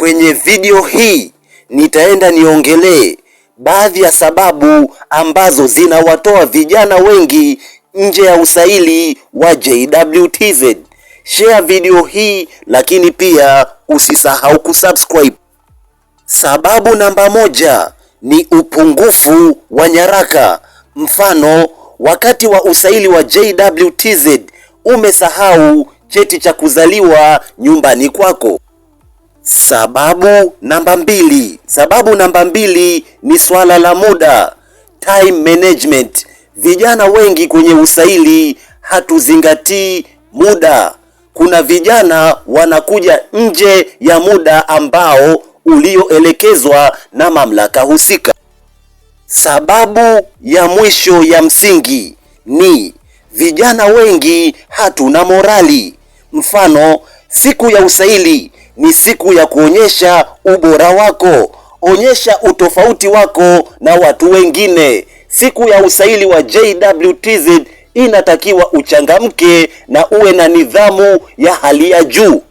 Kwenye video hii nitaenda niongelee baadhi ya sababu ambazo zinawatoa vijana wengi nje ya usaili wa JWTZ. Share video hii lakini pia usisahau kusubscribe. Sababu namba moja ni upungufu wa nyaraka. Mfano, wakati wa usaili wa JWTZ umesahau cheti cha kuzaliwa nyumbani kwako. Sababu namba mbili, sababu namba mbili ni swala la muda, time management. Vijana wengi kwenye usaili hatuzingatii muda. Kuna vijana wanakuja nje ya muda ambao ulioelekezwa na mamlaka husika. Sababu ya mwisho ya msingi ni vijana wengi hatuna morali. Mfano, siku ya usaili ni siku ya kuonyesha ubora wako, onyesha utofauti wako na watu wengine. Siku ya usaili wa JWTZ inatakiwa uchangamke na uwe na nidhamu ya hali ya juu.